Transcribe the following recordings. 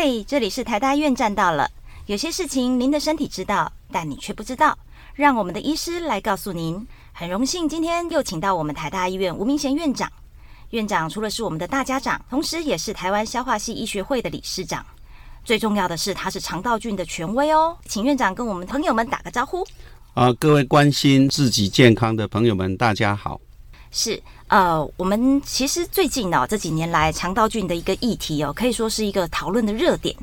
嘿，hey, 這裡是台大醫院站到了。有些事情您的身體知道，但你卻不知道，讓我們的醫師來告訴您。很榮幸今天又請到我們台大醫院吳明賢院長。院長除了是我們的大家長，同時也是台灣消化系醫學會的理事長。最重要的是，他是腸道菌的權威哦。請院長跟我們朋友們打個招呼。啊、呃，各位關心自己健康的朋友們，大家好。是。呃，我們其實最近哦，這幾年來腸道菌的一個議題哦，可以說是一個討論的熱點。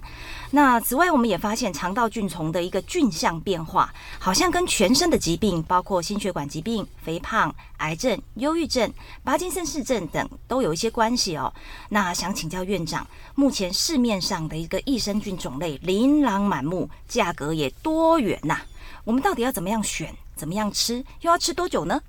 那此外，我們也發現腸道菌叢的一個菌相變化，好像跟全身的疾病，包括心血管疾病、肥胖、癌症、憂鬱症、帕金森氏症等，都有一些關係哦。那想請教院長，目前市面上的一個益生菌種類琳琅滿目，價格也多元吶，啊，我們到底要怎麼樣選？怎麼樣吃？又要吃多久呢？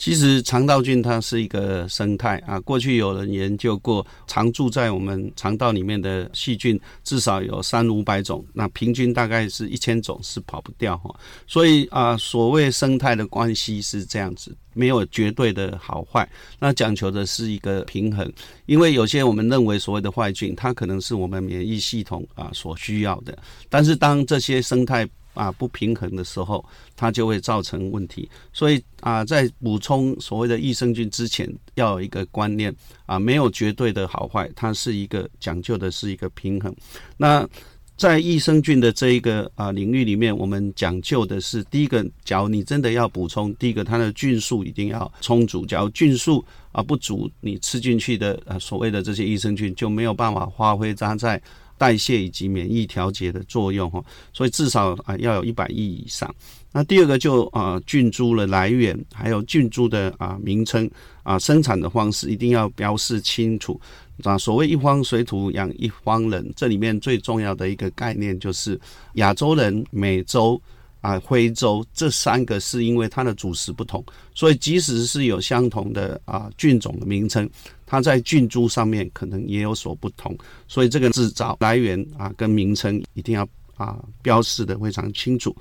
其實腸道菌它是一個生態啊，過去有人研究過，常住在我們腸道裡面的細菌至少有三五百種，那平均大概是一千種是跑不掉哈。所以啊，所謂生態的關係是這樣子，沒有絕對的好壞，那講求的是一個平衡。因為有些我們認為所謂的壞菌，它可能是我們免疫系統啊所需要的，但是當這些生態啊，不平衡的時候，它就會造成問題。所以啊，在補充所謂的益生菌之前，要有一個觀念啊，沒有絕對的好壞，它是一個講究的是一個平衡。那在益生菌的這一個啊領域裡面，我們講究的是第一個，假如你真的要補充，第一個它的菌數一定要充足。假如菌數啊不足，你吃進去的啊所謂的這些益生菌就沒有辦法發揮它在，代謝以及免疫調節的作用，哈，所以至少啊要有一百億以上。那第二個就啊菌株的來源，還有菌株的啊名稱啊生產的方式一定要標示清楚。那、啊、所謂一方水土養一方人，這裡面最重要的一個概念就是亞洲人、每周。啊，徽州這三個是因為它的主食不同，所以即使是有相同的啊菌種的名稱，它在菌株上面可能也有所不同，所以這個制造來源啊跟名稱一定要啊標示的非常清楚。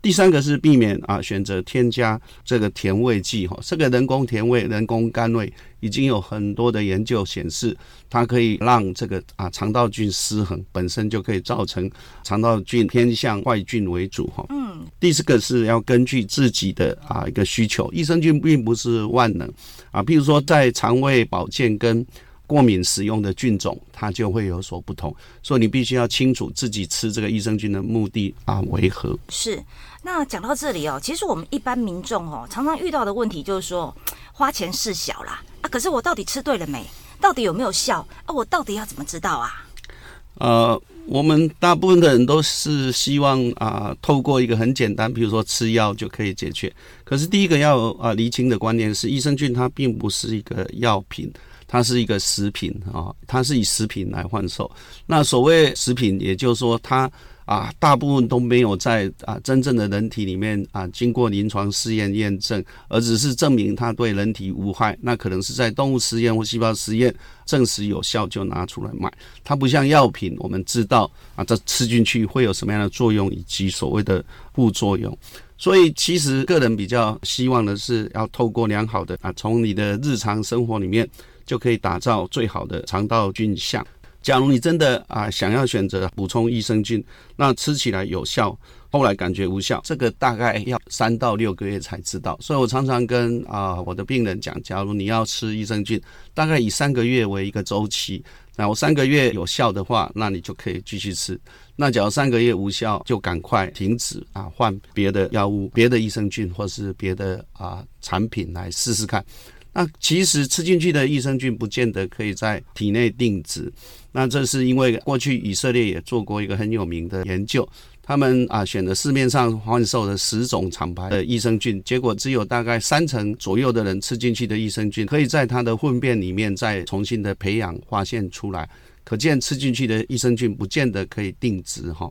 第三個是避免啊，選擇添加這個甜味劑哈，這個人工甜味、人工甘味已經有很多的研究顯示，它可以讓這個啊腸道菌失衡，本身就可以造成腸道菌偏向壞菌為主哈。嗯。第四個是要根據自己的啊一個需求，益生菌並不是萬能啊，譬如說在腸胃保健跟。過敏使用的菌種，它就會有所不同。所以你必須要清楚自己吃這個益生菌的目的啊為何？是。那講到這裡哦，其實我們一般民眾哦，常常遇到的問題就是說，花錢事小啦啊，可是我到底吃對了沒？到底有沒有效啊？我到底要怎麼知道啊？呃，我們大部分的人都是希望啊、呃，透過一個很簡單，比如說吃藥就可以解決。可是第一個要啊、呃、釐清的觀念是，益生菌它並不是一個藥品。它是一個食品啊、哦，它是以食品來換售。那所謂食品，也就是說它，它啊，大部分都沒有在啊真正的人體裡面啊經過臨床試驗驗證，而只是證明它對人體無害。那可能是在動物實驗或細胞實驗證實有效就拿出來賣。它不像藥品，我們知道啊，這吃進去會有什麼樣的作用以及所謂的副作用。所以其實個人比較希望的是要透過良好的啊，從你的日常生活裡面就可以打造最好的腸道菌相。假如你真的啊想要選擇補充益生菌，那吃起來有效，後來感覺無效，這個大概要三到六個月才知道。所以我常常跟啊我的病人講，假如你要吃益生菌，大概以三個月為一個週期。那我三個月有效的話，那你就可以繼續吃。那假如三個月無效，就趕快停止啊，換別的藥物、別的益生菌或是別的啊產品來試試看。那其實吃進去的益生菌不見得可以在體內定殖，那這是因為過去以色列也做過一個很有名的研究，他們啊選擇市面上販售的十種廠牌的益生菌，結果只有大概三成左右的人吃進去的益生菌可以在他的糞便裡面再重新的培養發現出來，可見吃進去的益生菌不見得可以定殖哈。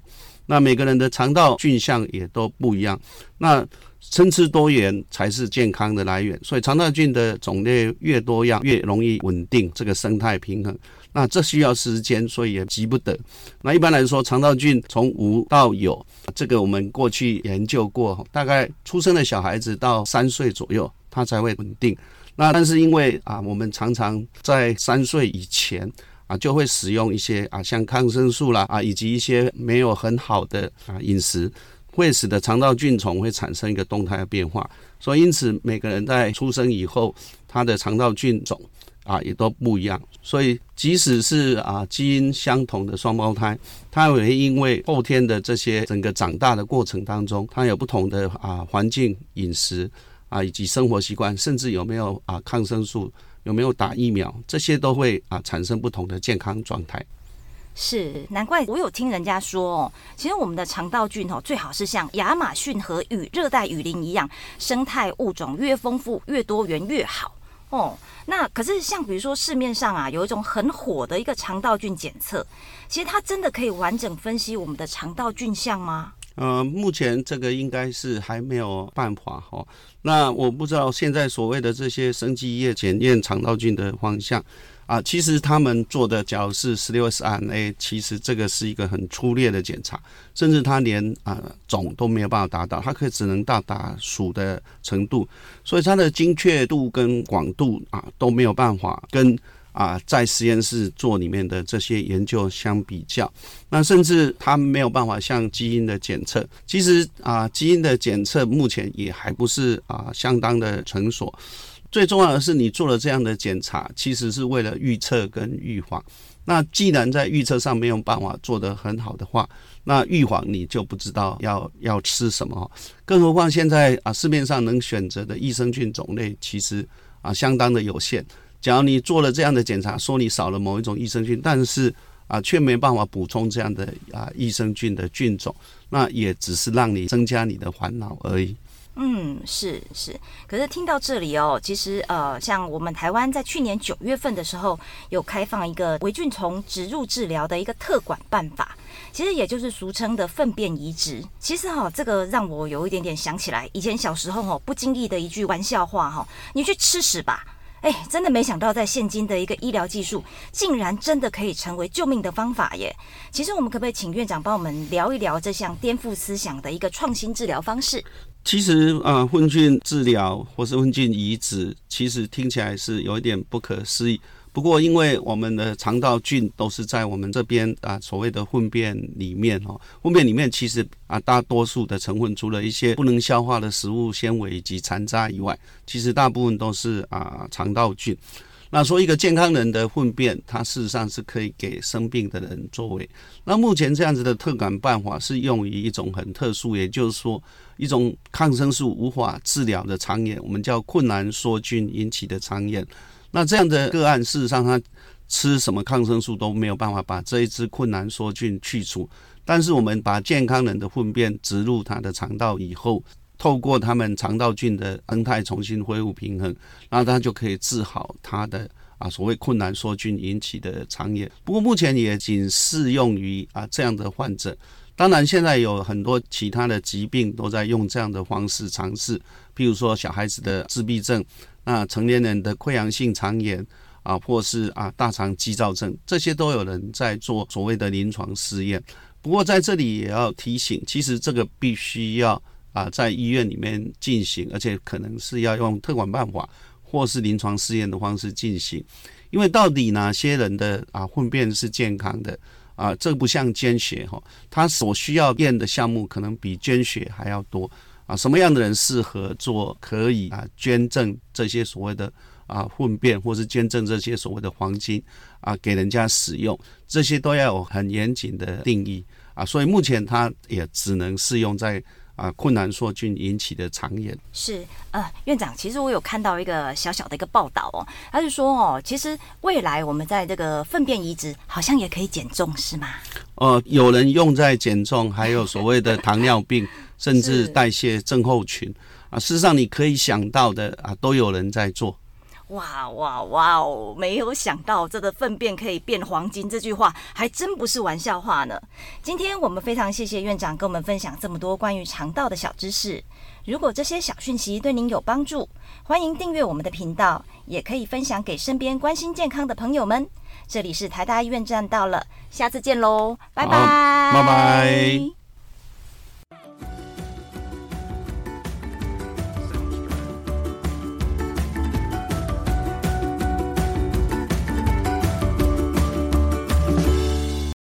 那每個人的腸道菌相也都不一樣，那，參差多元才是健康的來源，所以腸道菌的種類越多樣，越容易穩定這個生態平衡。那這需要時間，所以也急不得。那一般來說，腸道菌從無到有，這個我們過去研究過，大概出生的小孩子到三歲左右，它才會穩定。那但是因為啊，我們常常在三歲以前啊，就會使用一些啊，像抗生素啦，啊，以及一些沒有很好的啊飲食。會使得腸道菌種會產生一個動態的變化，所以因此每個人在出生以後，他的腸道菌種啊也都不一樣。所以即使是啊基因相同的雙胞胎，他也會因為後天的這些整個長大的過程當中，他有不同的啊環境、飲食啊以及生活習慣，甚至有沒有啊抗生素、有沒有打疫苗，這些都會啊產生不同的健康狀態。是，難怪我有聽人家說哦，其實我們的腸道菌哦，最好是像亞馬遜河與熱帶雨林一樣，生態物種越豐富越多元越好哦。那可是像比如說市面上啊，有一種很火的一個腸道菌檢測，其實它真的可以完整分析我們的腸道菌相嗎？呃，目前這個應該是還沒有辦法哈、哦。那我不知道現在所謂的這些生技業檢驗腸道菌的方向啊，其實他們做的，假如是十六 S RNA，其實這個是一個很粗略的檢查，甚至他連啊種都沒有辦法達到，他可以只能到達屬的程度，所以它的精確度跟廣度啊都沒有辦法跟。啊，在實驗室做裡面的這些研究相比較，那甚至它沒有辦法像基因的檢測。其實啊，基因的檢測目前也還不是啊相當的成熟。最重要的是，你做了這樣的檢查，其實是為了預測跟預防。那既然在預測上沒有辦法做得很好的話，那預防你就不知道要要吃什麼。更何況現在啊，市面上能選擇的益生菌種類其實啊相當的有限。假如你做了這樣的檢查，說你少了某一種益生菌，但是啊，卻沒辦法補充這樣的啊益生菌的菌種，那也只是讓你增加你的煩惱而已。嗯，是是。可是聽到這裡哦，其實呃，像我們台灣在去年九月份的時候，有開放一個微菌叢植入治療的一個特管辦法，其實也就是俗稱的糞便移植。其實哈、哦，這個讓我有一點點想起來，以前小時候哈、哦，不經意的一句玩笑話哈、哦，你去吃屎吧。哎、欸，真的沒想到，在現今的一個醫療技術，竟然真的可以成為救命的方法耶！其實我們可不可以請院長幫我們聊一聊這項顛覆思想的一個創新治療方式？其實啊、呃，糞菌治療或是糞菌移植，其實聽起來是有一點不可思議。不過，因為我們的腸道菌都是在我們這邊啊，所謂的糞便裡面哦。糞便裡面其實啊，大多數的成分除了一些不能消化的食物纖維以及殘渣以外，其實大部分都是啊腸道菌。那說一個健康人的糞便，它事實上是可以給生病的人作為。那目前這樣子的特管辦法是用於一種很特殊，也就是說一種抗生素無法治療的腸炎，我們叫困難梭菌引起的腸炎。那這樣的個案，事實上他吃什麼抗生素都沒有辦法把這一支困難梭菌去除。但是我們把健康人的糞便植入他的腸道以後，透過他們腸道菌的生態重新恢復平衡，那他就可以治好他的啊所謂困難梭菌引起的腸炎。不過目前也僅適用於啊這樣的患者。當然現在有很多其他的疾病都在用這樣的方式嘗試，譬如說小孩子的自閉症。那、啊、成年人的潰瘍性腸炎啊，或是啊大腸激躁症，這些都有人在做所謂的臨床試驗。不過在這裡也要提醒，其實這個必須要啊在醫院裡面進行，而且可能是要用特管辦法或是臨床試驗的方式進行，因為到底哪些人的啊糞便是健康的啊，這不像捐血哈、哦，他所需要驗的項目可能比捐血還要多。啊，什麼樣的人適合做，可以啊捐贈這些所謂的啊糞便，或是捐贈這些所謂的黃金啊給人家使用？這些都要有很嚴謹的定義。啊，所以目前它也只能適用在啊困難梭菌引起的腸炎。是啊、呃，院長，其實我有看到一個小小的一個報道哦，他是說哦，其實未來我們在這個糞便移植好像也可以減重，是嗎？哦、呃，有人用在減重，還有所謂的糖尿病， 甚至代謝症候群是啊，事實上你可以想到的啊，都有人在做。哇哇哇哦！沒有想到這個糞便可以變黃金，這句話還真不是玩笑話呢。今天我們非常謝謝院長跟我們分享這麼多關於腸道的小知識。如果這些小訊息對您有幫助，歡迎訂閱我們的頻道，也可以分享給身邊關心健康的朋友們。這裡是台大醫院站到了，下次見嘍，拜拜好拜拜。拜拜